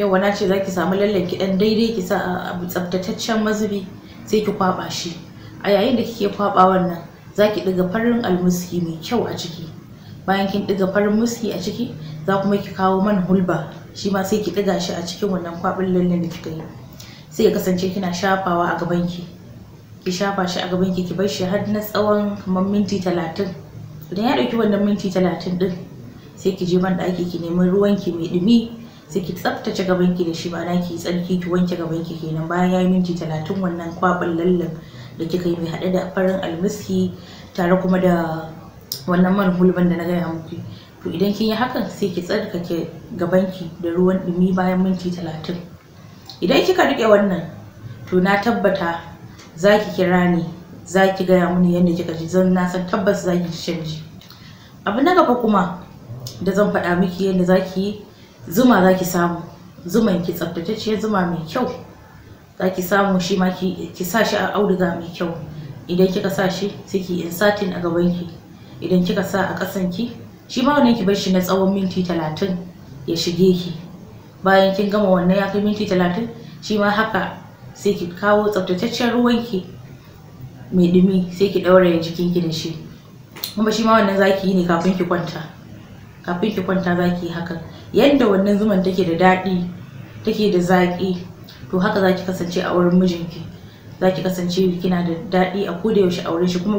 yawa na ce zaki samu lallen ki dan daidai ki sa a tsabtataccen mazubi sai ki kwaɓa shi a yayin da kike kwaba wannan za ki ɗiga farin almuski mai kyau a ciki bayan kin ɗiga farin muski a ciki za kuma ki kawo man hulba shi ma sai ki ɗiga shi a cikin wannan kwabin lallen da kika yi sai ya kasance kina shafawa a gaban ki ki shafa shi a gaban ki ki bar shi har na tsawon kamar minti talatin idan ya ɗauki wannan minti talatin ɗin sai ki je ban ɗaki ki nemi ruwan ki mai ɗumi sai ki tsaftace gabanki banki da shi ma'ana ki tsarki ki wanke ga banki kenan bayan yayi minti talatin wannan kwaɓin lallan da kika yi mai haɗe da farin almiski tare kuma da wannan man hulban da na gaya muku to idan kin yi hakan sai ki tsarkake gabanki da ruwan ɗumi bayan minti talatin idan kika rike wannan to na tabbata za ki kira ni za ki gaya mini yadda kika ji zan na san tabbas za ki ji canji abu na gaba kuma da zan faɗa miki yadda za ki yi zuma za ki samu zuman ki tsaftatacciyar zuma mai kyau za ki samu shi ma ki sa shi a auduga mai kyau idan kika sa shi sai ki insatin a gaban ki idan kika sa a ƙasan ki shi ma wannan ki bar shi na tsawon minti talatin ya shige ki bayan kin gama wannan ya kai minti talatin shi ma haka sai ki kawo tsaftataccen ruwan ki mai ɗumi sai ki ɗauraye jikin ki da shi kuma shi ma wannan zaki yi ne kafin ki kwanta kafin ki kwanta zaki hakan yadda wannan zuman take da daɗi take da zaƙi to haka zaki kasance a wurin mijinki zaki kasance kina da daɗi a kodayaushe yaushe a wurin shi kuma